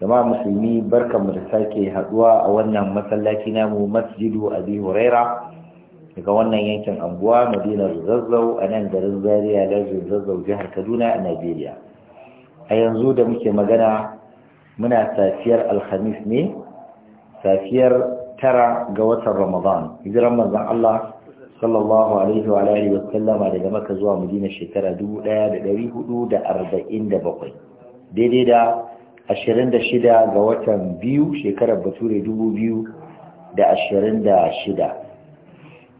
jama'a musulmi barkanmu da sake haduwa a wannan masallaci namu masjidu abi huraira daga wannan yankin anguwa madinar zazzau a nan garin zaria lardin zazzau jihar kaduna a najeriya a yanzu da muke magana muna safiyar alhamis ne safiyar tara ga watan ramadan hijiran manzon allah sallallahu alaihi wa alihi wa daga maka zuwa madina shekara 1447 daidai da 26 ga watan biyu shekarar bature 2026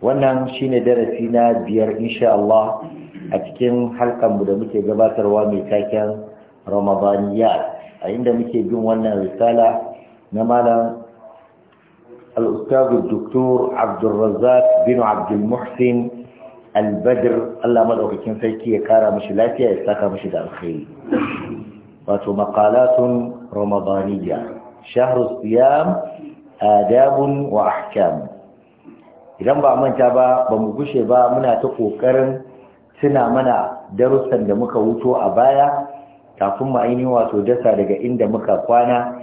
wannan shine darasi na biyar insha Allah a cikin halkanmu da muke gabatarwa mai taken Ramadaniyat a inda muke bin wannan risala na malam al-ustaz al-doktor Abdulrazzaq bin Abdul Muhsin al-Badr Allah madaukakin sarki ya kara mishi lafiya ya saka mishi da alkhairi wato maqalatun ramadaniya shahru siyam adabun wa ahkam idan ba manta ba ba mu gushe ba muna ta kokarin tuna mana darussan da muka wuto a baya kafin mu aini wato dasa daga inda muka kwana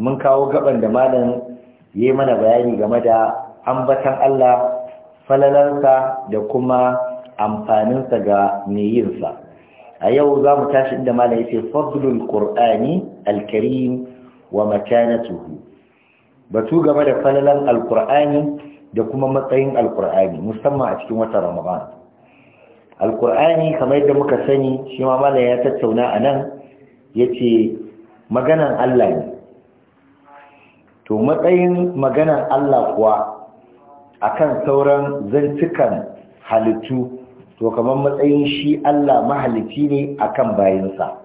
mun kawo gaban da malam yayi mana bayani game da ambatan Allah falalarsa da kuma amfaninsa ga mai a yau za mu tashi inda mala yace fadlul qur'ani alkarim wa makanatuhu batu game da falalan Alkur'ani da kuma matsayin Alkur'ani, musamman a cikin watan ramadan Alkur'ani, kamar yadda muka sani shi ma malam ya tattauna anan yace maganan Allah ne to matsayin maganan Allah kuwa akan sauran zantukan halittu to kamar matsayin shi Allah mahalifi ne akan bayinsa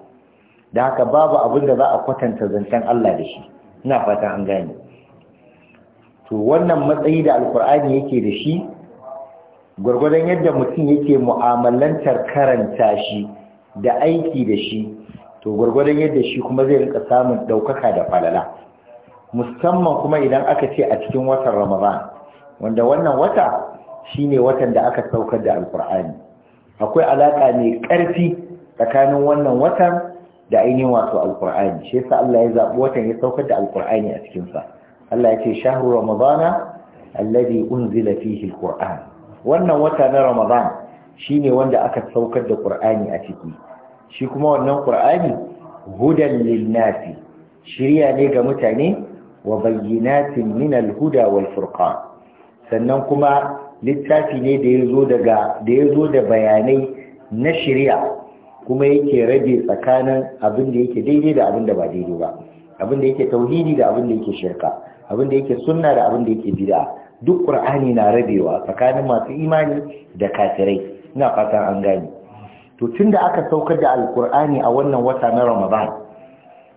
da haka babu abin da za a kwatanta zancen Allah da shi ina fata an gane to wannan matsayi da alkur'ani yake da shi gwargwadon yadda mutum yake mu'amalantar karanta shi da aiki da shi to gwargwadon yadda shi kuma zai rika samun ɗaukaka da falala musamman kuma idan aka ce a cikin watan ramadan wanda wannan wata shine watan da aka saukar da alkur'ani akwai alaka mai ƙarfi tsakanin wannan watan da ainihin wato alkur'ani shi yasa Allah ya zaɓi watan ya saukar da alkur'ani a cikin sa Allah ya ce shahru ramadana alladhi unzila fihi alqur'an wannan wata na ramadan shine wanda aka saukar da qur'ani a ciki shi kuma wannan qur'ani hudan lin-nasi shiriya ne ga mutane wa bayyinatin min al-huda wal furqan sannan kuma littafi ne da ya zo daga da ya zo da bayanai na shari'a kuma yake rage tsakanin abin da yake daidai da abin da ba daidai ba abin da yake tauhidi da abin da yake shirka abin da yake sunna da abin da yake bid'a duk qur'ani na rabewa tsakanin masu imani da kafirai ina fatan an gane to tunda aka saukar da alqur'ani a wannan wata na ramadan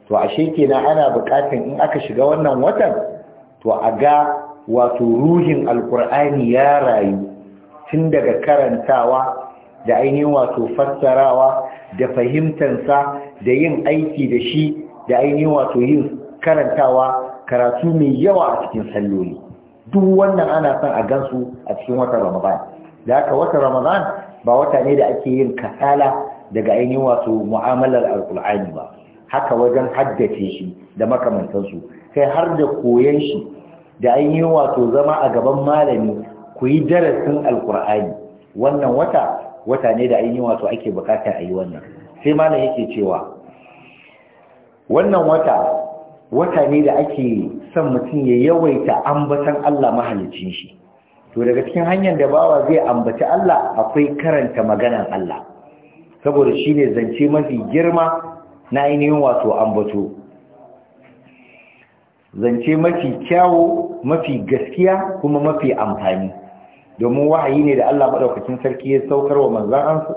to ashe kenan ana buƙatar in aka shiga wannan watan to a ga wato ruhin alkur'ani ya rayu tun daga karantawa da ainihin wato fassarawa da fahimtansa da yin aiki da shi da ainihin wato yin karantawa karatu mai yawa a cikin salloli duk wannan ana son a gansu a cikin watan ramadan da haka watan ramadan ba wata ne da ake yin kasala daga ainihin wato mu'amalar alkur'ani ba haka wajen haddace shi da makamantansu kai har da koyon shi da an yi wato zama a gaban malami ku yi darasin alkur'ani wannan wata wata ne da an yi wato ake bukata a yi wannan sai malam yake cewa wannan wata wata ne da ake son mutum ya yawaita ambatan Allah mahallicin shi to daga cikin hanyar da bawa zai ambaci Allah akwai karanta maganan Allah saboda shine zance mafi girma na ainihin wato ambato zance mafi kyawo mafi gaskiya kuma mafi amfani domin wahayi ne da Allah madaukakin sarki ya saukar wa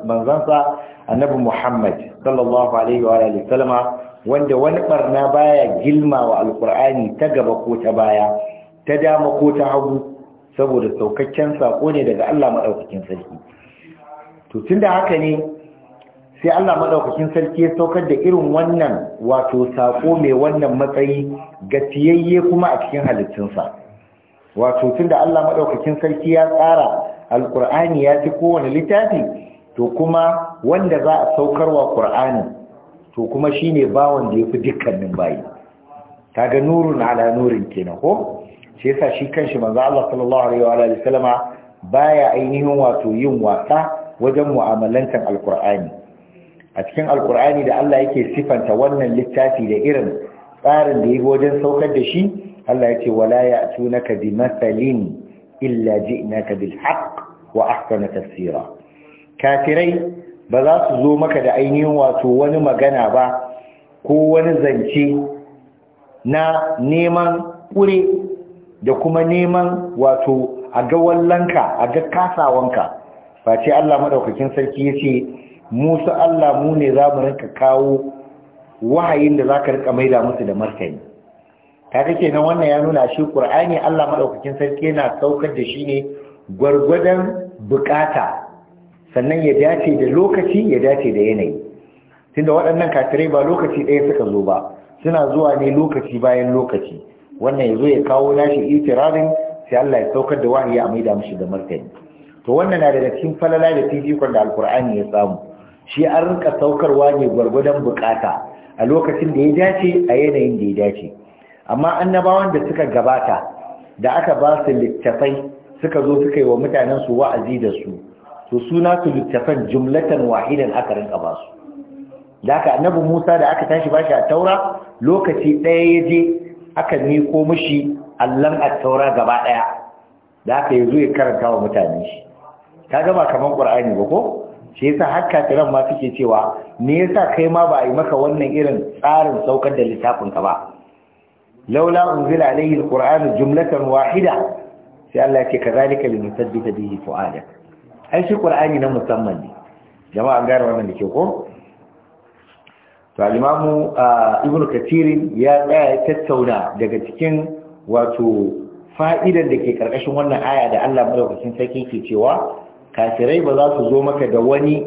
manzansa annabi Muhammad sallallahu alaihi wa alihi sallama wanda wani barna baya gilma wa alqur'ani ta gaba ko ta baya ta dama ko ta hagu saboda saukakken sako ne daga Allah madaukakin sarki to tunda haka ne sai Allah madaukakin sarki ya saukar da irin wannan wato sako mai wannan matsayi ga tiyayye kuma a cikin halittunsa wato tunda Allah madaukakin sarki ya tsara alkur'ani ya ci kowane littafi to kuma wanda za a saukarwa qur'anin to kuma shine bawon da yafi dukkanin bayi kaga nurun ala nurin kenan ko shi yasa shi kanshi manzo Allah sallallahu alaihi wa alihi baya ainihin wato yin wasa wajen mu'amalantar alkur'ani a cikin alkur'ani da Allah yake sifanta wannan littafi da irin tsarin da ya yi wajen saukar da shi Allah ce wala ka bi masalin illa ka bil haqq wa ahsana tafsira kafirai ba za su zo maka da ainihin wato wani magana ba ko wani zance na neman kure da kuma neman wato a ga wallanka a ga kasawanka face Allah madaukakin sarki yace musa Allah mu ne za mu rinka kawo wahayin da za ka rika maida musu da martani ta kake nan wannan ya nuna shi ƙur'ani Allah maɗaukakin sarki yana saukar da shi ne gwargwadon bukata sannan ya dace da lokaci ya dace da yanayi tunda waɗannan kafirai ba lokaci ɗaya suka zo ba suna zuwa ne lokaci bayan lokaci wannan ya zo ya kawo nashi itirarin sai Allah ya saukar da wahayi a maida musu da martani to wannan na daga cikin falala da tijikon da alkur'ani ya samu shi an rinka saukarwa ne gwargwadon bukata a lokacin da ya dace a yanayin da ya dace amma annabawan da suka gabata da aka ba su littafai suka zo suka yi wa mutanen su wa'azi da su to suna su littafan jumlatan wahidan aka rinka ba su da aka annabi Musa da aka tashi bashi a taura lokaci ɗaya ya je aka miko mishi allon a taura gaba ɗaya da aka yi zo ya karanta wa mutane shi ta gaba kamar ƙur'ani ba ko shi yasa har kafiran ma suke cewa me yasa kai ma ba a yi maka wannan irin tsarin saukar da littafin ka ba laula unzila alayhi alquran jumlatan wahida sai Allah ya ce kazalika linusabbita bihi fuada ai shi qur'ani na musamman ne jama'a gane wannan da ke ko to al-imamu kathir ya tsaya tattauna daga cikin wato fa'idan da ke karkashin wannan aya da Allah madaukakin sarki ke cewa kafirai ba za su zo maka da wani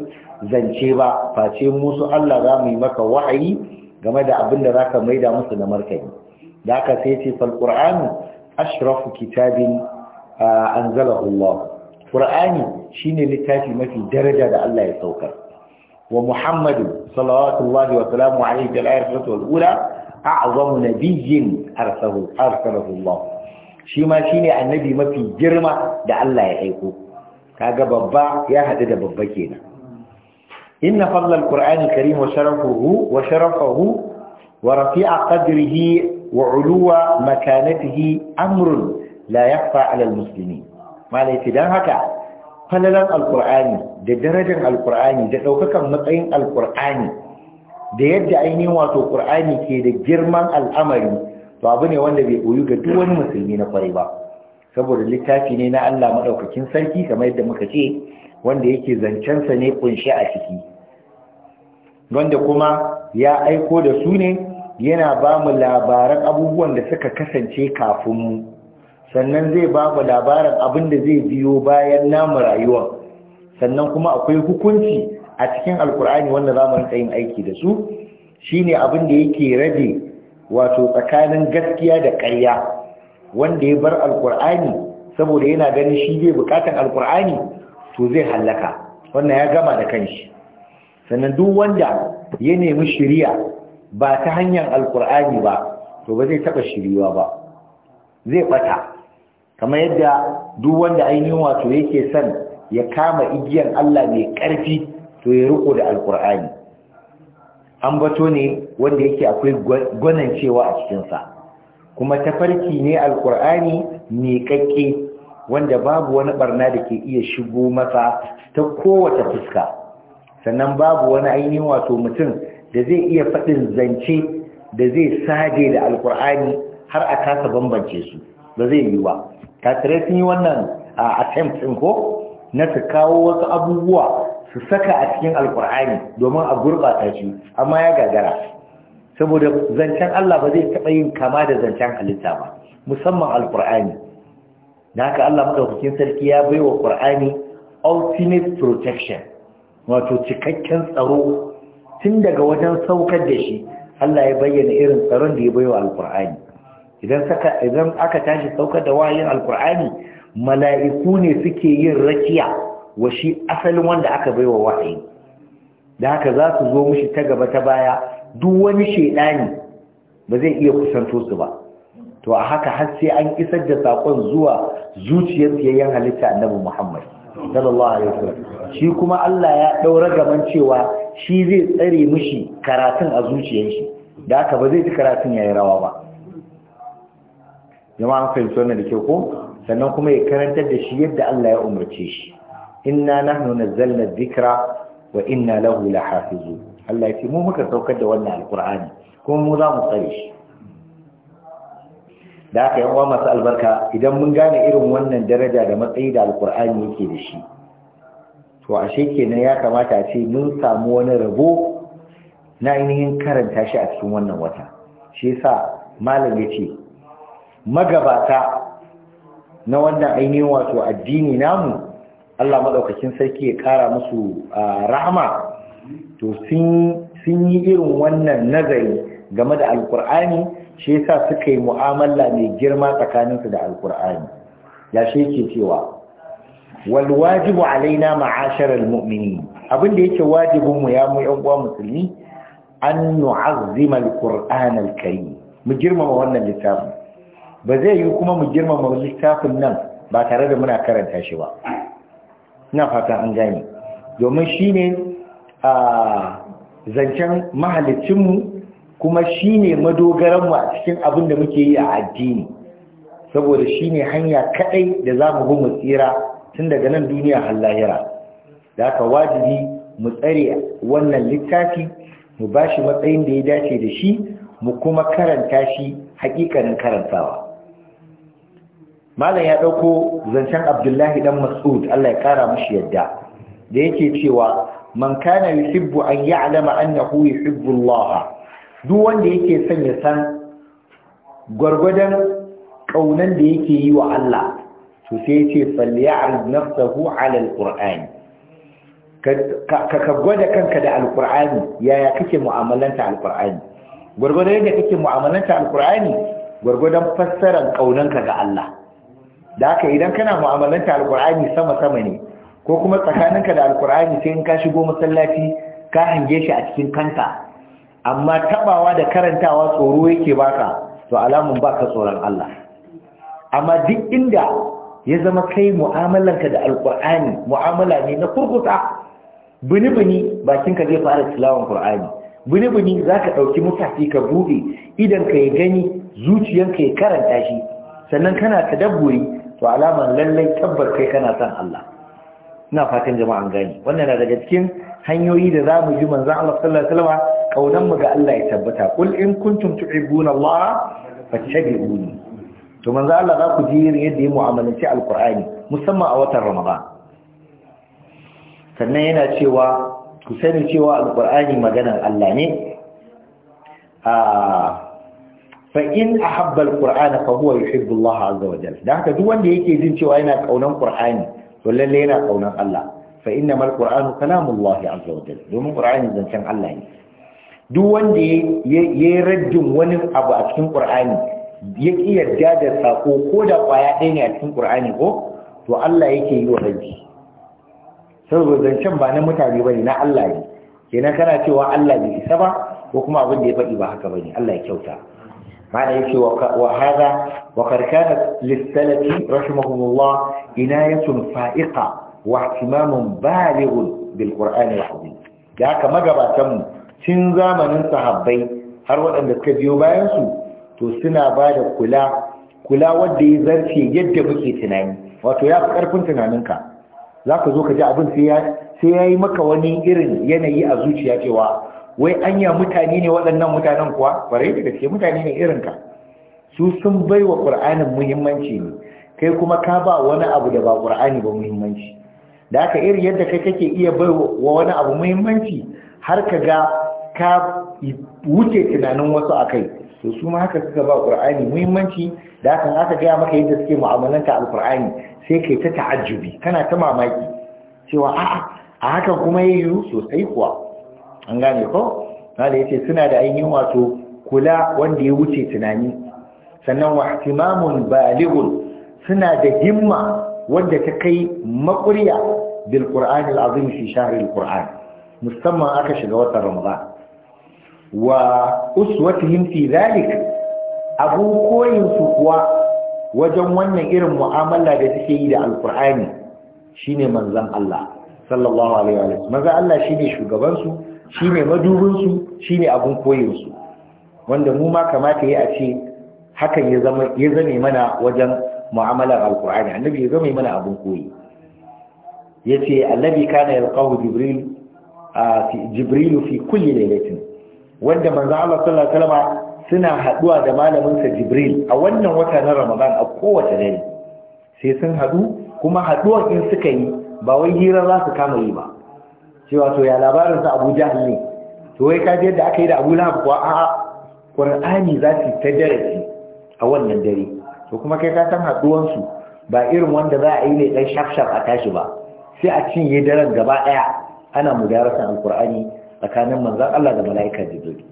zance ba face musu Allah za mu yi maka wahayi game da abin da za ka maida musu na martani da aka sai ce fal qur'anu ashrafu kitabin anzalahu Allah qur'ani shine littafi mafi daraja da Allah ya saukar wa muhammadu sallallahu wa sallamu alaihi wa alihi wa ula a'zamu na arsalahu arsalahu Allah shi ma shine annabi mafi girma da Allah ya aiko kaga babba ya haɗu da babba kenan inna fadlal qur'ani karim wa sharafuhu wa sharafahu wa rafi'a qadrihi wa uluwa makanatihi amrun la yakhfa 'ala al malai dan haka falalan alqur'ani da darajar alqur'ani da daukakan matsayin alqur'ani da yadda ainihin wato qur'ani ke da girman al'amari to abu ne wanda bai koyu ga duk wani musulmi na kwarai ba saboda littafi ne na Allah madaukakin sarki kamar yadda muka ce wanda yake zancensa ne kunshi a ciki wanda kuma ya aiko da su ne yana ba mu labaran abubuwan da suka kasance kafin mu sannan zai ba mu labarin abin da zai biyo bayan namu rayuwa sannan kuma akwai hukunci a cikin alkur'ani wanda za mu rinka yin aiki da su shine abin da yake rage wato tsakanin gaskiya da ƙarya wanda ya bar alkur'ani saboda yana ganin shi zai bukatan alkur'ani to zai hallaka wannan ya gama da kanshi sannan duk wanda ya nemi shiriya ba ta hanyar alkur'ani ba to ba zai taba shiriwa ba zai bata kamar yadda duk wanda ainihin wato yake son ya kama igiyan Allah mai karfi to ya riko da alkur'ani an bato ne wanda yake akwai gwanancewa a cikinsa kuma tafarki ne alkur'ani miƙaƙƙe wanda babu wani barna da ke iya shigo masa ta kowace fuska sannan babu wani ainihin wato mutum da zai iya faɗin zance da zai saje da alkur'ani har a kasa bambance su ba zai yi ba kafirai sun yi wannan a attempt ɗin ko na su kawo wasu abubuwa su saka a cikin alkur'ani domin a gurɓata shi amma ya gagara saboda zancen Allah ba zai taɓa yin kama da zancen halitta ba musamman alƙur'ani da haka Allah madaukakin sarki ya bai wa ƙur'ani ultimate protection wato cikakken tsaro tun daga wajen saukar da shi Allah ya bayyana irin tsaron da ya bai wa alƙur'ani idan aka tashi saukar da wayin alƙur'ani mala'iku ne suke yin rakiya wa shi asalin wanda aka bai wa wahayi da haka za su zo mishi ta gaba ta baya duk wani shaidani ba zai iya kusanto su ba to a haka har sai an isar da sakon zuwa zuciyar siyayyen halitta annabi Muhammad sallallahu alaihi wasallam shi kuma Allah ya daura gaban cewa shi zai tsare mishi karatun a zuciyar shi da haka ba zai ji karatun yayi rawa ba jama'an fahimci wannan da ke ko sannan kuma ya karantar da shi yadda Allah ya umarce shi inna nahnu nazzalna dhikra wa inna lahu lahafizun Allah ya ce mu muka saukar da wannan alkur'ani kuma mu za mu tsare shi da aka yawa masu albarka idan mun gane irin wannan daraja da matsayi da alkur'ani yake da shi to ashe kenan ya kamata a ce mun samu wani rabo na ainihin karanta shi a cikin wannan wata shi yasa malam ya ce magabata na wannan ainihin wato addini namu Allah maɗaukakin sarki ya ƙara musu ah, rahama to sun yi irin wannan nazari game da alkur'ani shi yasa suka yi mu'amala mai girma tsakaninsu da alkur'ani ya shi ke cewa wal wajibu alaina ma'ashar mu'mini, abin da yake wajibin mu ya mu yan uwa musulmi an nu'azzima alqur'an alkarim mu girmama wannan littafin ba zai yi kuma mu girmama littafin nan ba tare da muna karanta shi ba ina fata an gane domin shine a zancen mahalicinmu kuma shi ne madogaranmu a cikin abin da muke yi a addini saboda shi ne hanya kaɗai da za mu bi mu tsira tun daga nan duniya har lahira da aka wajibi mu tsare wannan littafi mu ba shi matsayin da ya dace da shi mu kuma karanta shi hakikanin karantawa malam ya ɗauko zancen abdullahi dan mas'ud allah ya kara mashi yadda da yake cewa man kana yuhibbu an ya'lama annahu yuhibbu Allah duk wanda yake son ya san gwargwadon kaunan da yake yi wa Allah to sai ya ce falya'rid nafsahu 'ala al-Qur'an ka ka gwada kanka da Alqur'ani, yaya kake mu'amalanta Alqur'ani? qurani yadda kake mu'amalanta Alqur'ani, qurani gwargwadon fassarar kaunanka ga Allah da haka idan kana mu'amalanta Alqur'ani sama sama ne ko kuma tsakaninka da alkur'ani sai in ka shigo masallaci ka hange shi a cikin kanka amma tabawa da karantawa tsoro yake baka to alamun baka tsoron Allah amma duk inda ya zama kai mu'amalarka da alkur'ani mu'amala ne na kurkusa bini-bini bakinka zai fara tilawan qur'ani bini-bini zaka dauki mutafi ka bude idan ka gani zuciyanka ya karanta shi sannan kana tadabburi to alaman lallai tabbar kai kana son Allah ina fatan jama'an gani wannan na daga cikin hanyoyi da za mu ji manzan Allah sallallahu alaihi wasallam kaunan mu ga Allah ya tabbata kul in kuntum tuhibbuna Allah fattabi'uni to manzan Allah za ku ji yadda ya mu'amalanci alqur'ani musamman a watan ramadan sannan yana cewa ku sani cewa alqur'ani maganar Allah ne a fa in ahabba alqur'ana fa huwa yuhibbu Allah azza wa jalla dan haka duk wanda yake jin cewa yana kaunan qur'ani to lalle yana kaunar Allah fa inna mal qur'anu kalamullahi azza wa jalla domin qur'ani zancen Allah ne duk wanda ya rajin wani abu a cikin qur'ani ya ki yarda da sako ko da kwaya ɗaya ne a cikin qur'ani ko to Allah yake yi wa raji saboda zancen ba na mutane bane na Allah ne kenan kana cewa Allah bai isa ba ko kuma abin da ya faɗi ba haka bane Allah ya kyauta معنى يكي وهذا وقد كانت للسلف رحمهم الله عناية فائقة واهتمام بالغ بالقرآن العظيم ذاك ما قباتهم تنزى من صحابي har waɗanda suka biyo bayansu to suna ba da kula kula ya zarce yadda muke tunani wato ya fi ƙarfin tunaninka za ka zo ka ji abin sai ya yi maka wani irin yanayi a zuciya cewa wai anya mutane ne waɗannan mutanen kuwa ƙwarai da gaske mutane ne ka. su sun bai wa ƙur'anin muhimmanci ne kai kuma ka ba wani abu da ba ƙur'ani ba muhimmanci da aka irin yadda kai kake iya bai wa wani abu muhimmanci har ka ga ka wuce tunanin wasu a kai to su ma haka suka ba ƙur'ani muhimmanci da aka aka gaya maka yadda suke mu'amalanta alƙur'ani sai kai ta ta'ajjubi kana ta mamaki cewa a'a a hakan kuma yayi sosai kuwa an gane ko ya yace suna da ainihin wato kula wanda ya wuce tunani sannan wa ihtimamun balighun suna da himma wanda ta kai makuriya bil qur'an azim fi shahr qur'an musamman aka shiga watan ramadan wa uswatihim fi dhalik abu koyin su kuwa wajen wannan irin mu'amala da take yi da alqur'ani shine manzon Allah sallallahu alaihi wa sallam manzon Allah shine shugaban su shi ne madubinsu shi ne abin koyinsu wanda mu ma kamata ya a ce hakan ya zame mana wajen mu'amalar alkur'ani annabi ya zame mana abin koyi ya ce allabi kana yalqahu jibril a fi kulli wanda manzo Allah sallallahu alaihi wasallam suna haduwa da malamin sa jibril a wannan wata na ramadan a kowace dare sai sun hadu kuma haduwan in suka yi ba wai hira za su kama yi ba Sai to ya labarin sa Abu Jahl ne to wai ka je da aka yi da Abu Lahab kuwa a'a Qur'ani za su ta darasi a wannan dare to kuma kai ka san haduwan ba irin wanda za a yi ne dan shafshaf a tashi ba sai a cinye daren gaba ɗaya. ana mudarasan alqur'ani tsakanin manzan Allah da mala'ika Jibril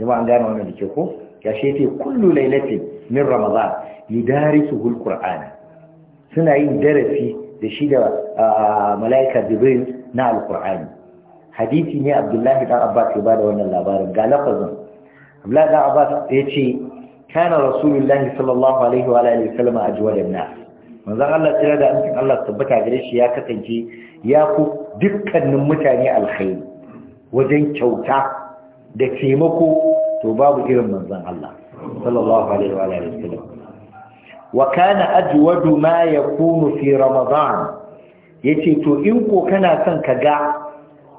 jama'a an gane wannan da ke ko ya shefe kullu lailatin min ramadan yudarisuhu alqur'ana suna yin darasi da shi da mala'ika jibril na alkur'ani hadisi ne abdullahi dan abbas ya bada wannan labarin ga lafazin abdullahi dan abbas ya ce kana rasulullahi sallallahu alaihi wa alihi wasallam ajwada nas manzon Allah tsira da amfin Allah tabbata gare shi ya kasance ya ku dukkanin mutane alkhairi wajen kyauta da taimako to babu irin manzon Allah sallallahu alaihi wa alihi wasallam wa kana ajwadu ma yakunu fi ramadan ya ce to in ko kana son ka ga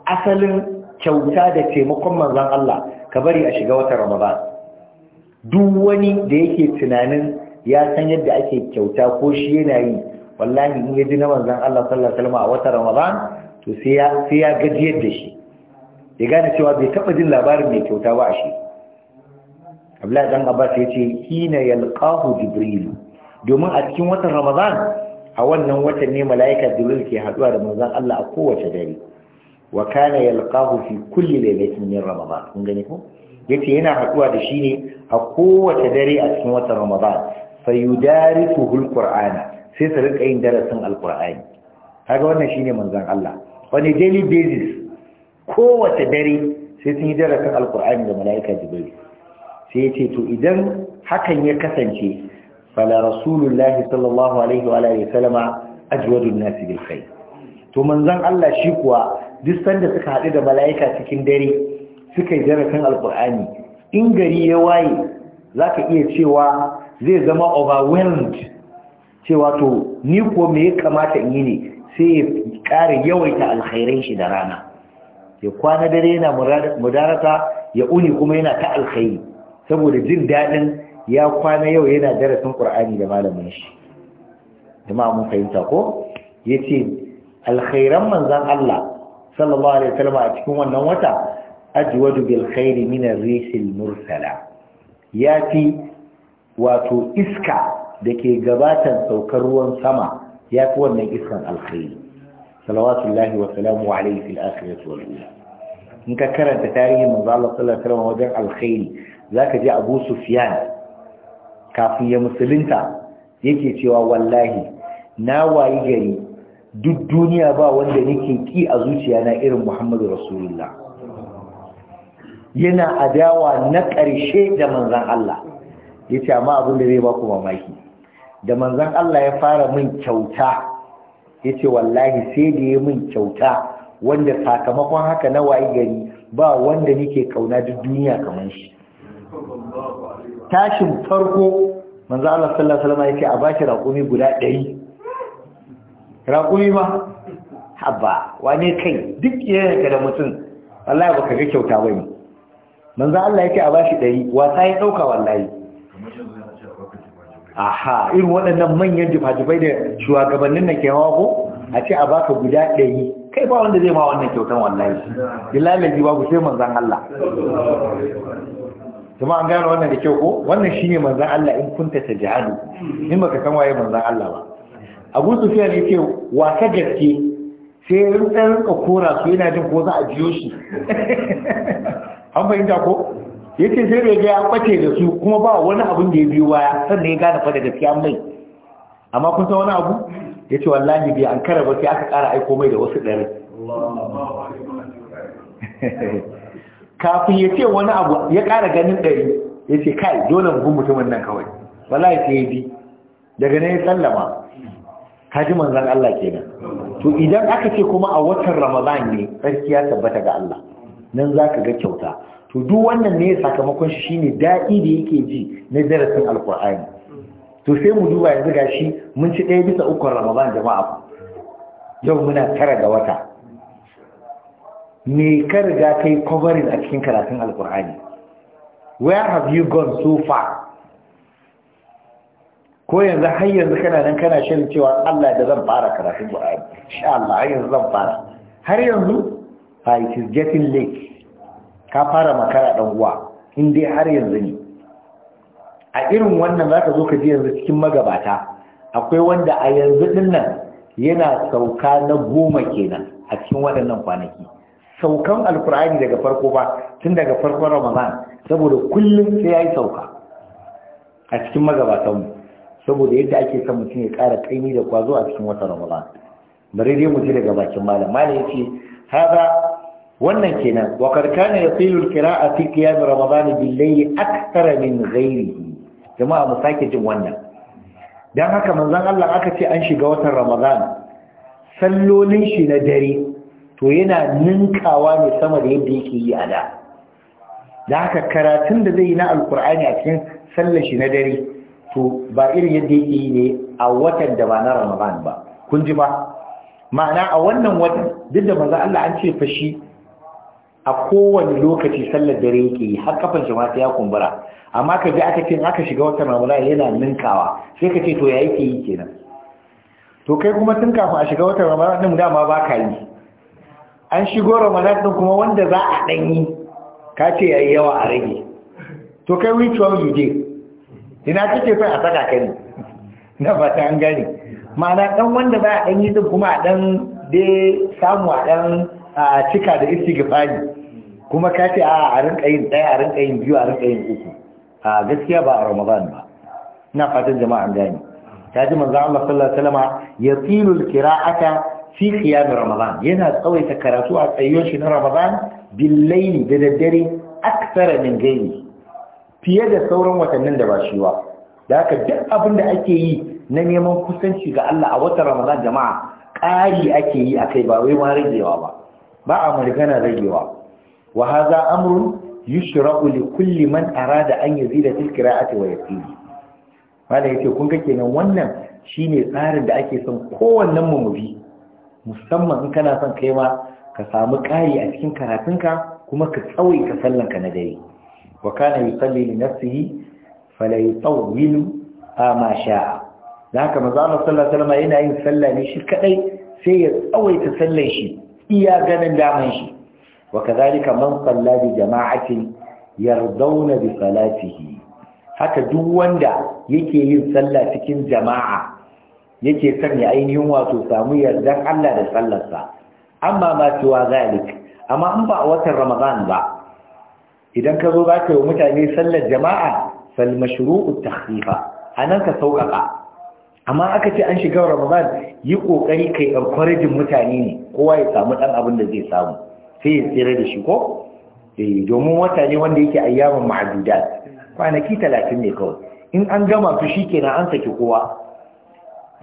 asalin kyauta da taimakon manzan Allah ka bari a shiga wata ramadan duk wani da yake tunanin ya san yadda ake kyauta ko shi yana yi wallahi in ya ji na manzan Allah sallallahu alaihi wasallam a wata ramadan to sai ya sai ya gajiyar da shi ya gane cewa bai taba jin labarin mai kyauta ba a shi Abdullahi dan Abbas ya ce hina yalqahu Jibril domin a cikin watan Ramadan a wannan watan ne mala'ika jibril ke haduwa da manzon Allah a kowace dare wa kana yalqahu fi kulli laylatin min ramadan kun gani ko yace yana haduwa da shi ne a kowace dare a cikin watan ramadan fayudarisuhu alqur'ana sai su rika yin darasin alqur'ani kaga wannan shine manzon Allah wani daily basis kowace dare sai sun yi darasin alqur'ani da mala'ika jibril sai yace to idan hakan ya kasance fala rasulullahi sallallahu alaihi wa alihi sallama ajwadun nasi bil khair to manzon Allah shi kuwa duk sanda suka haɗu da mala'ika cikin dare suka yi darasin alqur'ani in gari ya waye zaka iya cewa zai zama overwhelmed cewa to ni ko me ya kamata in yi ne sai ya ƙara yawaita alkhairai shi da rana ya kwana dare yana mudarasa ya uni kuma yana ta alkhairi saboda jin daɗin ya kwana yau yana darasin qur'ani da malamin shi jama'a mun fahimta ko yace alkhairan manzan Allah sallallahu alaihi wasallam a cikin wannan wata ajwadu bil khairi min ar-risil mursala yafi wato iska da ke gabatan saukar ruwan sama yafi wannan iskan alkhairi salawatullahi wa salamu alaihi fil akhirati wal ula in ka karanta tarihin manzo Allah sallallahu alaihi wasallam wajen alkhairi zaka ji Abu Sufyan kafin ya musulunta yake cewa wallahi na wayi gari duk duniya ba wanda nake ki a zuciya na irin Muhammadu Rasulullah yana adawa na ƙarshe da manzan Allah yace amma abin da zai baku mamaki da manzan Allah ya fara min kyauta yace wallahi sai da ya min kyauta wanda sakamakon haka na wayi gari ba wanda nake kauna duk duniya kamar shi tashin farko manzo Allah sallallahu alaihi wasallam yake a baki raƙumi guda 100 raƙumi ma haba wane kai duk yayin da mutum wallahi baka ga kyauta ba ne manzo Allah yake a bashi 100 wasa ya dauka wallahi aha irin waɗannan manyan jifajibai da shugabannin da ke hawa ko a ce a baka guda 100 kai ba wanda zai ma wannan kyautan wallahi billahi babu sai manzo Allah kuma an gano wannan da kyau ko wannan shine manzon Allah in kunta tajhalu hmm. in baka san waye manzon Allah ba Abu Sufyan yake wa ka gaske sai rinka rinka kora su yana jin ko za a jiyo shi an fahimta ko yake sai da ya kwace da su kuma ba wani abun da ya biyo baya sannan ya gane fa da gaskiya mai amma kun san wani abu yace wallahi bai an karaba sai aka kara aiko mai da wasu dare kafin ya ce wani abu ya ƙara ganin ɗari ya ce kai dole bugun mutumin nan kawai ya sai ya bi daga nan ya sallama kaji manzan Allah kenan to idan aka ce kuma a watan Ramadan ne tsarki ya tabbata ga Allah nan za ka ga kyauta to duk wannan ne sakamakon shi shine daɗi da yake ji na darasin alkur'ani to sai mu duba yanzu gashi mun ci ɗaya bisa ukun Ramadan jama'a yau muna tara ga wata me ka riga kai covering a cikin karatun alkur'ani where have you gone so far ko yanzu har yanzu kana nan kana shirin cewa Allah da zan fara karatun Qur'ani insha Allah har yanzu zan fara har yanzu ha ah, it is getting late ka fara makara dan uwa in dai har yanzu ne a irin wannan zaka zo ka ji yanzu cikin magabata akwai wanda a yanzu din nan yana sauka na goma kenan a cikin waɗannan kwanaki saukan alkur'ani daga farko ba tun daga farkon ramadan saboda kullum sai ya yi sauka a cikin magabatanmu saboda yadda ake son mutum ya ƙara ƙaimi da kwazo a cikin wata ramadan bari dai mu ji daga bakin malam malam ya ce haza wannan kenan wa karkana ya filul kira'a fi qiyam ramadan bil layli akthar min ghairihi jama'a mu sake jin wannan dan haka manzon Allah aka ce an shiga watan ramadan sallolin shi na dare to yana ninkawa ne sama da yadda yake yi a da da haka karatun da zai yi na alkur'ani a cikin sallar shi na dare to ba irin yadda yake yi ne a watan da ba na ramadan ba kun ji ba ma'ana a wannan watan duk da manzo Allah an ce fashi a kowane lokaci sallar dare yake yi har kafan shi ma ta ya kumbura amma ka ji aka ce aka shiga watan ramadan yana ninkawa sai ka ce to ya yake yi kenan to kai kuma tun kafin a shiga watan ramadan din dama ba ka yi an shigo ramadan din kuma wanda za a ɗanyi ka ce yayi yawa a rage to kai which one you dey? ina kike fa a saka ka ne na fata an gane ma'ana dan wanda za a ɗanyi din kuma a dan dai samu a dan a cika da istighfari kuma ka ce a rinka yin ɗaya a rinka yin biyu a rinka yin uku a gaskiya ba a ramadan ba ina fatan jama'a an gane ta ji manzo Allah sallallahu alaihi wasallam ya tsilu alqira'ata fi qiyam ramadan yana tsawaita karatu a tsayuwar shi na ramadan billaili da daddare aksara min fiye da sauran watannin da ba shi ba da haka duk abin da ake yi na neman kusanci ga Allah a watan ramadan jama'a ƙari ake yi akai ba wai ma ragewa ba ba a murgana ragewa wa hadha amrun yushra'u li kulli man arada an yazida fil qira'ati wa yaqini malai ce, kun ga kenan wannan shine tsarin da ake son kowannen mu mu bi musamman in kana son kai ma ka samu ƙari a cikin karatunka kuma ka tsawaita sallanka na dare wa kana yusalli li nafsihi fala yutawwilu ma sha'a da haka manzo Allah sallallahu alaihi wasallam yana yin sallah ne shi kadai sai ya tsawaita sallar shi iya ganin daman shi wa kadhalika man salla bi jama'atin yardawna bi salatihi haka duk wanda yake yin sallah cikin jama'a yake son ya ainihin wato samu yardan Allah da sallarsa amma ma cewa zalik amma in ba a watan ramadan ba idan ka zo za ka yi mutane sallar jama'a fal mashru'u takhfifa anan ka sauƙaƙa amma aka ce an shiga ramadan yi kokari kai encouraging mutane ne kowa ya samu dan abin da zai samu sai ya tsira da shi ko eh domin wata ne wanda yake ayyamin ma'dudat kwanaki 30 ne kawai in an gama su shikenan an saki kowa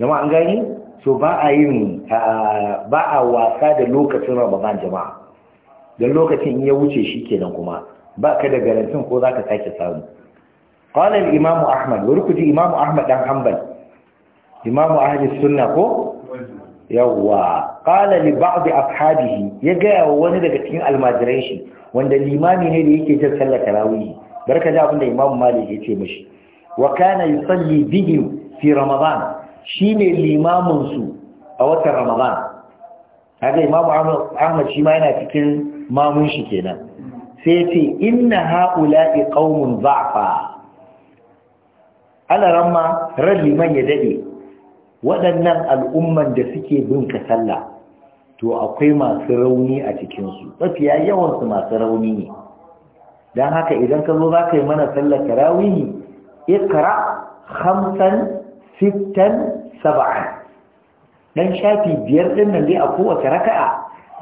jama'a an gani so ba a yin ba a wasa da lokacin ramadan jama'a don lokacin ya wuce shi kenan kuma ba ka da garantin ko za ka sake samu ƙwanar imamu ahmad wani kuji imamu ahmad ɗan hanbal imamu Ahmad sunna ko yawwa ƙala li ba'di ashabihi ya gaya wa wani daga cikin almajiran shi wanda limami ne da yake jin sallar tarawih barka da abin da imamu malik ya ce mashi. wa kana yusalli bihi fi ramadan shine limamin su a watan Ramadan kaga Imam Ahmad shi ma yana cikin mamun shi kenan sai ce inna haula'i qaumun za'fa ana ramma ran liman ya daɗe. waɗannan al'umman da suke bin ka sallah to akwai masu rauni a cikinsu mafiya yawansu masu rauni ne don haka idan ka zo za ka yi mana sallar tarawihi ikra hamsan sittan saba'an dan shafi biyar din nan dai a kowace raka'a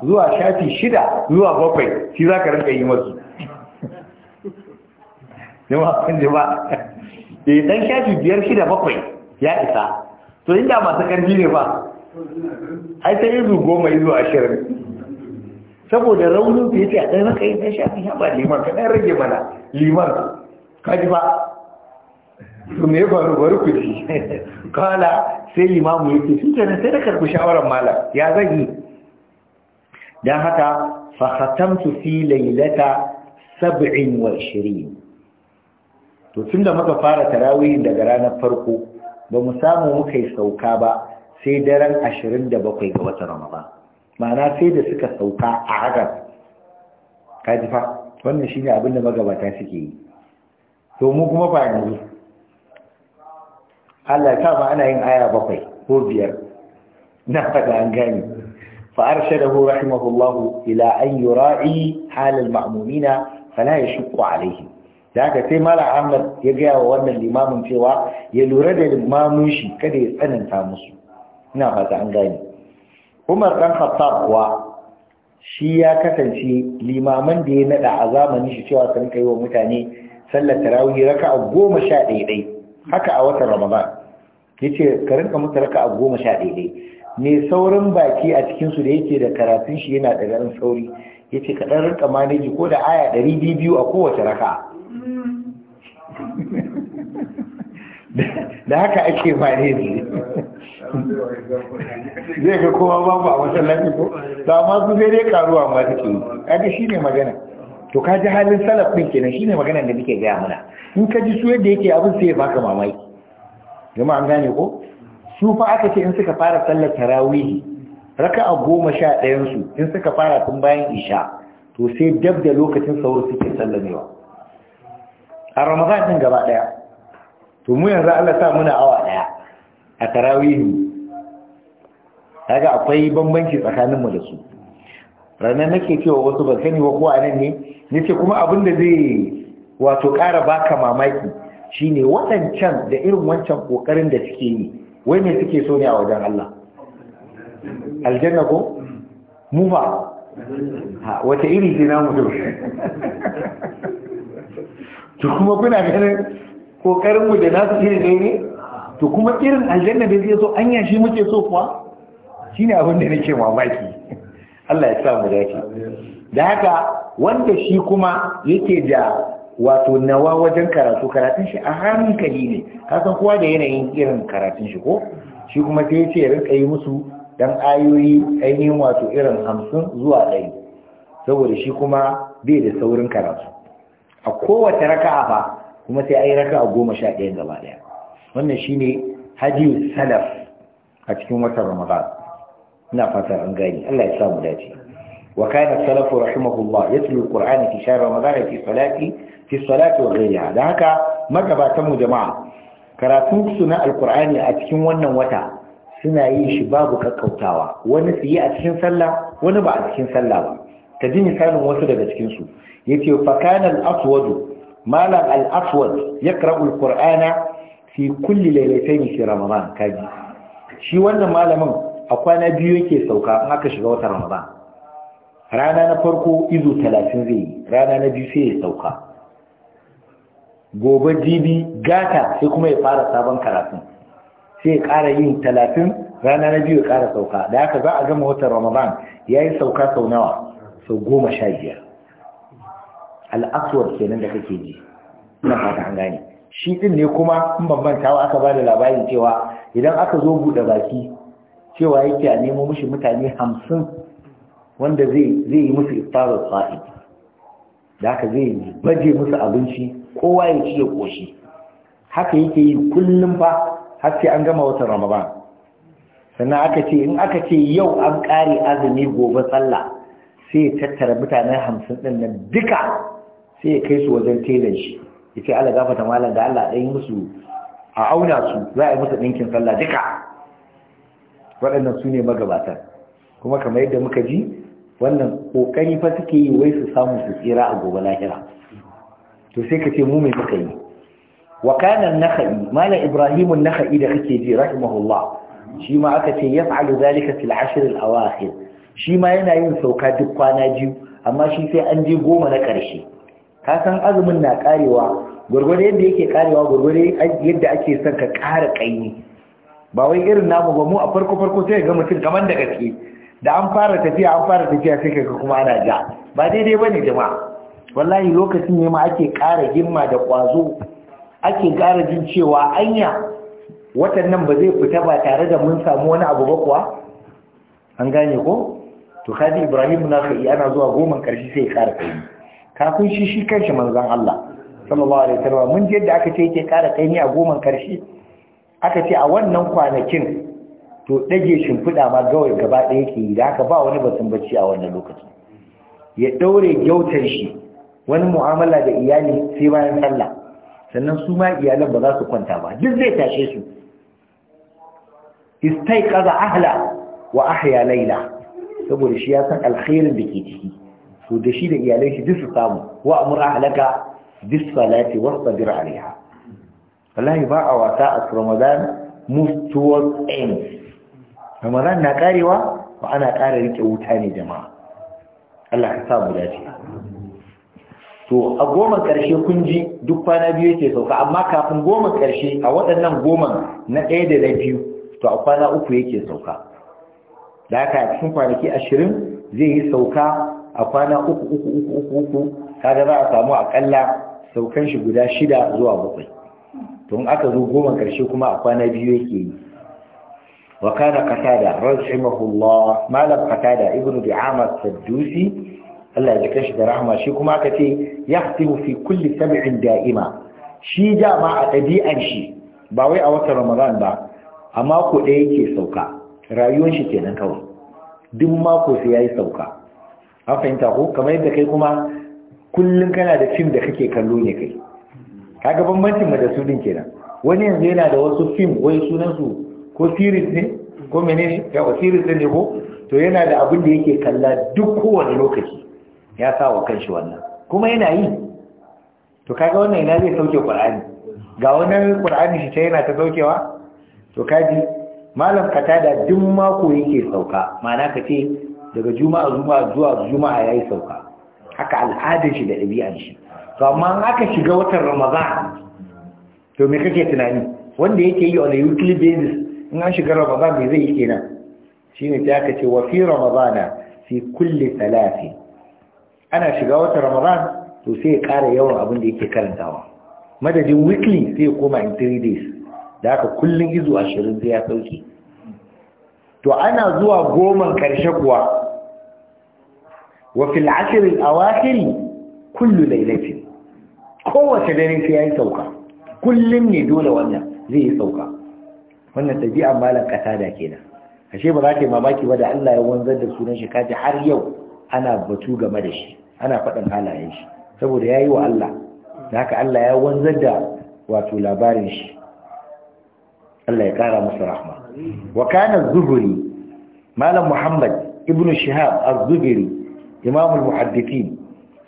zuwa shafi shida zuwa bakwai shi za ka rinka yi masu jama'a jama'a eh, dan shafi biyar shida bakwai ya isa to inda masu ƙarfi ne ba ai ta izu goma yi zuwa ashirin saboda raunin fiye ta yi, a ɗan raka yi ta shafi ya ba liman ka ɗan rage mana liman ka ji ba su ne faru bari ku kala sai limamu yake shi kenan sai da karɓi shawarar malam ya zan yi Don haka fa su fi wa 27 to da muka fara tarawih daga ranar farko ba mu samu muka yi sauka ba sai daren ashirin bakwai ga wata ramaba ma'ana sai da suka sauka a Ka ji fa wannan shine abin da magabata suke yi to mu kuma ba yanzu Allah ta ma ana yin aya bakwai ko biyar na faɗa an gani فأرشده ila الله إلى أن يراعي حال المأمومين فلا يشق عليهم da haka sai mala ahmad ya gaya wa wannan limamin cewa ya lura da limamin shi kada ya tsananta musu ina fata an gane umar ɗan khattab kuwa shi ya kasance limaman da ya naɗa a zamanin shi cewa sun kai wa mutane sallar tarawih raka'a goma sha ɗaya haka a watan ramadan yace ka rinka musu raka a goma sha ɗaya ne saurin baki a cikin su da yake da karatun shi yana da garin sauri yace ka dan rinka maneji ko da aya ɗari biyu a kowace raka da haka ake maneji zai ga kowa babu a masallaci ko da ma su sai dai karuwa ma take yi kaga shine magana to ka ji halin salaf ɗin kenan shi ne maganar da muke gaya mana in ka ji su yadda yake abin sai ya baka mamaki jama'a an gane ko su fa aka ce in suka fara sallar tarawihi raka a goma sha ɗayan su in suka fara tun bayan isha to sai dab da lokacin sauro suke sallamewa a ramadan din gaba ɗaya to mu yanzu Allah sa muna awa ɗaya a tarawihi kaga akwai bambanci tsakaninmu da su ranar nake cewa wasu ba sani ba ko a nan ne ce kuma abin da zai wato ƙara baka mamaki shine waɗancan da irin wancan kokarin da suke yi wai ne suke so ne a wajen Allah aljanna ko mu ba wata iri ce namu to to kuma kuna ganin kokarin mu da nasu iri ne ne to kuma irin aljanna da zai so anya shi muke so kuwa shine abin da nake mamaki Allah ya sa mu dace da haka wanda shi kuma yake da wato nawa wajen karatu karatun shi a hankali ne kasan kowa da yanayin irin karatun shi ko shi kuma sai ya ce ya rinka yi musu dan ayoyi ainihin wato irin hamsin zuwa ɗari saboda shi kuma bai da saurin karatu a kowace raka'a fa kuma sai a ayi raka'a goma sha ɗaya gaba ɗaya wannan shine hadiyu salaf a cikin watan ramadan ina fata an gani Allah ya samu dace wa kana salafu rahimahullah yatlu alquran fi shahr ramadan fi salati fi salati wa ghayriha da haka magabatan mu jama'a karatu su na a cikin wannan wata suna yi shi babu kakkautawa wani su yi a cikin sallah wani ba a cikin sallah ba ta ji misalin wasu daga cikin su yace fa kana aswad malam al-aswad yaqra'u alqur'ana fi kulli laylatayn fi ramadan kaji shi wannan malamin a kwana biyu yake sauka in aka shiga watan ramadan rana na farko izu talatin zai yi rana na biyu sai ya sauka gobe jibi gata sai kuma ya fara sabon karatu, sai ya ƙara yin talatin rana na biyu ya kara sauka da haka za a gama watan ramadan ya yi sauka sau nawa sau goma sha biyar al'aswar kenan da kake ji na fata an gane shi ɗin ne kuma in bambantawa aka ba da labarin cewa idan aka zo buɗe baki cewa yake a nemo mushi mutane hamsin wanda zai yi musu iftarar sa'i da haka zai baje musu abinci kowa ya ci ya koshi haka yake yi kullum fa har sai an gama watan ramadan sannan aka ce in aka ce yau an kare azumi gobe sallah sai ya tattara mutanen hamsin ɗin nan duka sai ya kai su wajen telan shi ya ce ala gafata malam da allah ɗan yi musu a auna su za a yi musu ɗinkin sallah duka waɗannan su ne magabatan kuma kamar yadda muka ji wannan ƙoƙari fa suke yi wai su samu su tsira a gobe lahira to sai ka ce mu mai muka yi wa kana nakhai mala ibrahim nakhai da kake ji rahimahullah shi ma aka ce yaf'alu zalika fil ashr al awakhir shi ma yana yin sauka duk kwana biyu amma shi sai an je goma na ƙarshe ka san azumin na karewa gurgurde yadda yake karewa gurgurde yadda ake son ka ƙara ƙaimi ba wai irin namu ba mu a farko farko sai ga mutum kaman da gaske da an fara tafiya an fara tafiya sai kaga kuma ana ja ba daidai bane jama'a wallahi lokacin ne ma ake ƙara himma da kwazo ake ƙara jin cewa anya watan ba zai fita ba tare da mun samu wani abu ba kuwa an gane ko to kaji Ibrahim na kai ana zuwa goma karshe sai ya ƙara kai kafin shi shi kanshi manzon Allah sallallahu alaihi wasallam mun je da aka ce yake ƙara kai ni a goma karshe aka ce a wannan kwanakin to ɗage shimfiɗa ma gawai gaba ɗaya ke yi da haka ba wani batun bacci a wannan lokacin ya ɗaure gyautar shi wani mu'amala da iyali sai bayan sallah sannan su ma iyalan ba za su kwanta ba duk zai tashe su istaiqaza ahla wa ahya laila saboda shi ya san alkhairin da ke ciki so da shi da iyalai shi duk su samu wa amur ahlaka bis salati wasbir alaiha wallahi ba a wasa a ramadan move towards end ramadan na karewa ba ana ƙara rike wuta ne jama'a Allah ka sa mu dace to a goma karshe kun ji duk kwana biyu yake sauka amma kafin goma ƙarshe, a waɗannan goma na ɗaya da na biyu to a kwana uku yake sauka da haka a cikin kwanaki ashirin zai yi sauka a kwana uku uku uku uku uku kaga za a samu aƙalla saukan shi guda shida zuwa bakwai tun aka zo goma karshe kuma a kwana biyu yake yi wa kana qatada rahimahullah malam qatada ibnu bi'ama saddusi Allah ya ji kashi da rahama shi kuma aka ce ya fi kulli sab'in da'ima shi ma a ɗabi'ar shi ba wai a watan ramadan ba a mako ɗaya yake sauka rayuwar shi kenan kawai duk mako sai yayi sauka an fahimta ko kamar yadda kai kuma kullum kana da fim da kake kallo ne kai kaga bambancin mu da su din kenan wani yanzu yana da wasu film wai sunan su ko series ne ko menene ya wa series ne ko to yana da abin da yake kalla duk kowane lokaci ya sa wa kanshi wannan kuma yana yi to kaga wannan ina zai sauke Qur'ani ga wannan Qur'ani shi yana ta saukewa to kaji malam da duk mako yake sauka ma'ana kace daga juma'a zuwa zuwa juma'a yayi sauka haka al'adar shi da ɗabi'ar shi to amma aka shiga watan ramadan to me kake tunani wanda yake yi on a weekly basis in an shiga ramadan me zai yi kenan shine ta aka ce wa fi ramadana fi kulli talafi ana shiga watan ramadan to sai ya kara yawan abin da yake karantawa madadin weekly sai ya koma in 3 days da haka kullun izu 20 sai ya sauke to ana zuwa goman karshe kuwa wa fil ashr al awakhir kullu laylatin kowace dare sai ya yi sauka kullum ne dole wannan zai yi sauka wannan tabi'a malam kasada kena. ashe ba za ta yi mamaki ba da Allah ya wanzar da sunan shi kaji har yau ana batu game da shi ana faɗin halayen shi saboda ya yi wa Allah da haka Allah ya wanzar da wato labarin shi Allah ya ƙara masa rahma wa kana zuhuri malam muhammad ibnu shihab az-zuhri imamul muhaddithin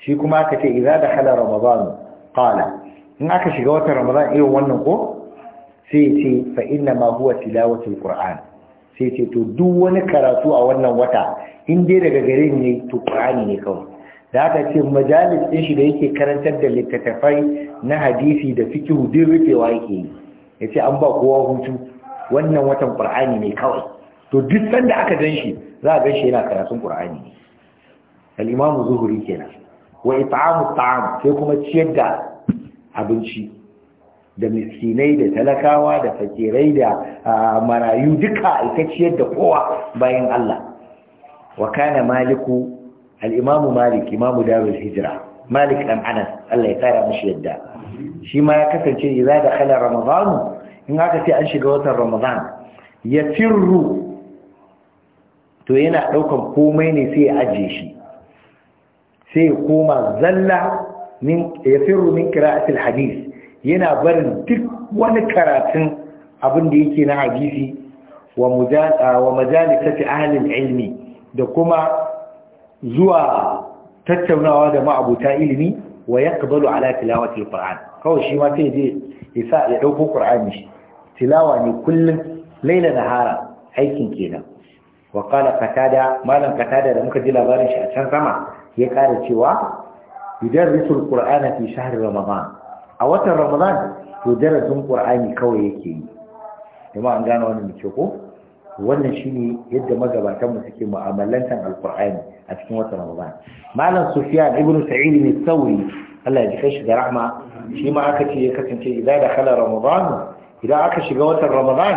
shi kuma aka ce idza dakhala ramadan qala in aka shiga watan ramadan irin wannan ko sai ce fa inna ma huwa tilawatul qur'an sai ce to duk wani karatu a wannan wata in dai daga gare ne to qur'ani ne kawai da aka ce majalis din shi da yake karantar da littattafai na hadisi da fikihu din rufewa yake yi ce an ba kowa hutu wannan watan qur'ani ne kawai to duk sanda aka gan shi za a gan shi yana karatun qur'ani ne al-imamu zuhuri kenan wa it'amu ta'am sai kuma ciyar da abinci da miskinai da talakawa da fakirai da marayu duka ita ciyar da kowa bayan Allah wa kana maliku Alimamu malik imamu darul hijra malik dan anas Allah ya kara mishi yadda shi ma ya kasance idza dakhala ramadan in aka ce an shiga watan ramadan ya firru. to yana daukan komai ne sai ya ajiye shi sai koma zalla min yafirru min qira'atil yana barin duk wani karatun abin da yake na hadisi wa mujaa wa ahalin ilmi da kuma zuwa tattaunawa da ma'abuta ilimi wa yaqbalu ala tilawati alquran kawai shi ma sai je ya ɗauko ya dauko shi tilawa ne kullum laila hara aikin kenan wa qala qatada malam qatada da muka ji labarin shi a can sama ya ƙara cewa idan risul qur'ana fi shahar ramadan a watan ramadan to darasin ƙur'ani kawai yake yi kuma an gano wannan muke ko wannan shine yadda magabatan mu suke mu'amalantan Alƙur'ani a cikin watan ramadan malam sufyan ibnu sa'id ne sauri Allah ya ji kai shi da rahma shi ma aka ce ya kasance idan da kala ramadan idan aka shiga watan ramadan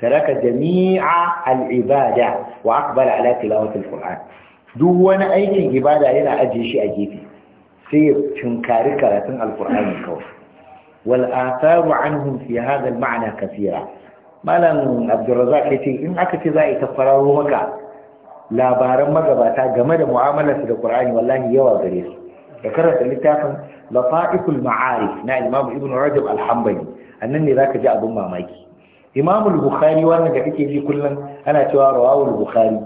taraka jami'a al-ibada wa aqbala ala tilawati al-qur'an duk wani aikin ibada yana ajiye shi a gefe sai ya tunkari karatun alkur'ani kawai wal atharu anhum fi hadha al ma'na kathira malam abdurrazzaq yace in aka ce za a yi tafararo maka labaran magabata game da su da qur'ani wallahi yawa gare su da karanta littafin lafa'ikul ma'arif na imam ibn rajab al-hanbali annan ne zaka ji abun mamaki imamu al-bukhari wannan da kake ji kullun ana cewa rawahul bukhari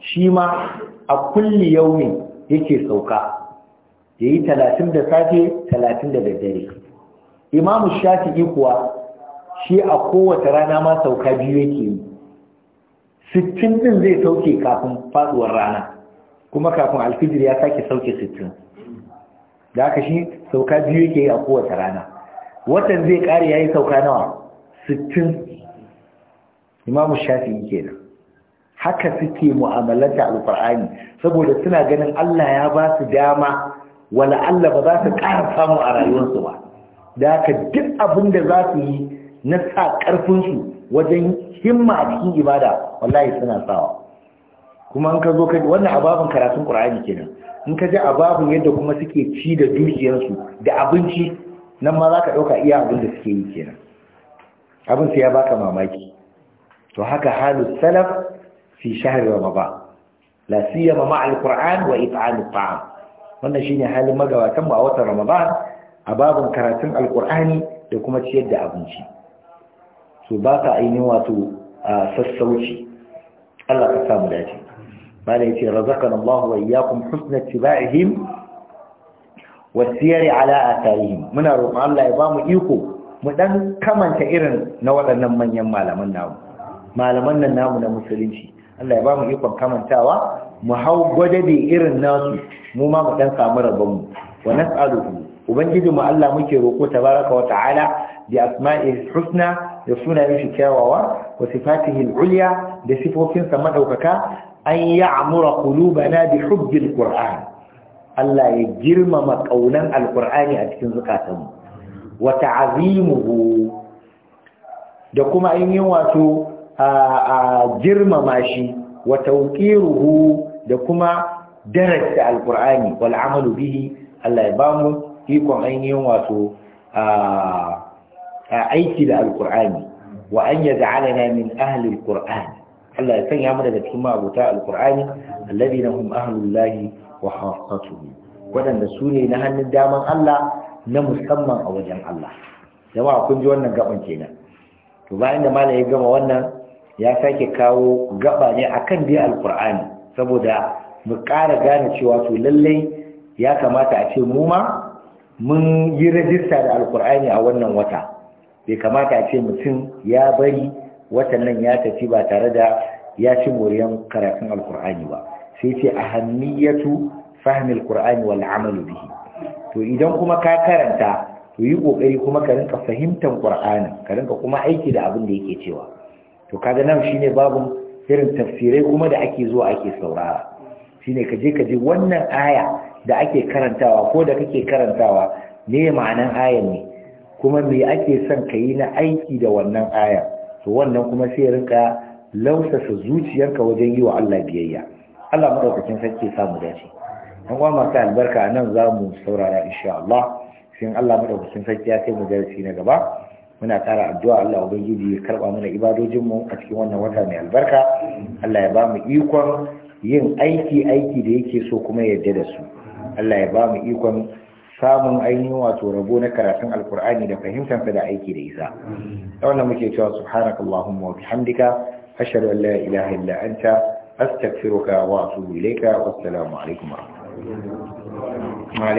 shi ma a kulli yauni yake sauka ya yi talatin da safe talatin da daddare imamu shafi'i kuwa shi a kowace rana ma sauka biyu yake yi sittin din zai sauke kafin faduwar rana kuma kafin alfijir ya sake sauke sittin da aka shi sauka biyu yake yi a kowace rana watan zai kare yi sauka nawa sittin imamu shafi'i kenan haka suke mu'amalanta alqur'ani saboda suna ganin Allah ya ba su dama wala Allah ba za su ƙara samu a rayuwarsu ba da haka duk abin da za su yi na sa ƙarfin su wajen himma a cikin ibada wallahi suna sawa kuma in ka zo ka wannan ababun karatun Qur'ani kenan in ka ji ababin yadda kuma suke ci da dukiyarsu da abinci nan ma za ka ɗauka iya abin da suke yi kenan abin sai ya baka mamaki to haka halu salaf fi shahar ramadan la siyama ma alquran wa it'am at'am wannan shine halin magabatan mu a watan ramadan a babin karatun alqurani da kuma ciyar da abinci so ba ka ainihin wato sassauci Allah ka samu dace bala yace razaqana Allah wa iyyakum husna tiba'ihim wa siyari ala atharihim muna roƙon Allah ya bamu iko mu dan kamanta irin na waɗannan manyan malaman namu malaman nan namu na musulunci Allah ya ba mu ikon kamantawa mu hau gwadadi irin nasu mu ma mu dan samu rabon mu wa nas'aluhu ubangiji mu Allah muke roko tabaraka wa ta'ala bi asma'ihi husna da sunayen shi kyawawa wa sifatihi al da sifofinsa madaukaka an ya'mura qulubana bi hubbil qur'an Allah ya girmama kaunan alqur'ani a cikin zukatanmu wa ta'azimuhu da kuma ainihin wato a girmama shi wa tawqiruhu da kuma darasta alqur'ani wal amalu bihi Allah ya bamu ikon ainihin wato a aiki da alqur'ani wa an yaj'alana min ahli alqur'an Allah ya sanya mu daga cikin mabuta alqur'ani alladhina hum ahlullahi wa haqqatuhu wadanda su ne na hannun daman Allah na musamman a wajen Allah jama'a kun ji wannan gaban kenan to bayan da malai ya gama wannan ya sake kawo gaba ne akan dai alkur'ani saboda mu ƙara gane cewa to lallai ya kamata a ce mu ma mun yi rajista da alkur'ani a wannan wata bai kamata a ce mutum ya bari watan nan ya tafi ba tare da ya ci moriyan karatun alkur'ani ba sai ce ahammiyatu fahimil qur'ani wal amalu bihi to idan kuma ka karanta to yi kokari kuma ka rinka fahimtar qur'anin ka rinka kuma aiki da abin da yake cewa to kaga nan shine babu irin tafsirai kuma da ake zuwa ake saurara shine ka kaje ka wannan aya da ake karantawa ko da kake karantawa me ma'anan ayan ne kuma me ake son ka yi na aiki da wannan 'aya? to wannan kuma sai rinka lausasa zuciyarka wajen yi wa Allah biyayya Allah madaukakin sarki ya samu dace an kuma masu albarka nan za mu saurara insha Allah sai Allah madaukakin sarki ya kai mu darasi na gaba muna ƙara addu'a Allah ubangiji ya karba mana ibadojin mu a cikin wannan wata mai albarka Allah ya ba mu ikon yin aiki aiki da yake so kuma yadda da su Allah ya ba mu ikon samun ainihin wato rabo na karatun alkur'ani da fahimtar da aiki da isa da wannan muke cewa subhanakallahumma wa bihamdika ashhadu an la ilaha illa anta astaghfiruka wa atubu ilayka wassalamu alaikum wa rahmatullahi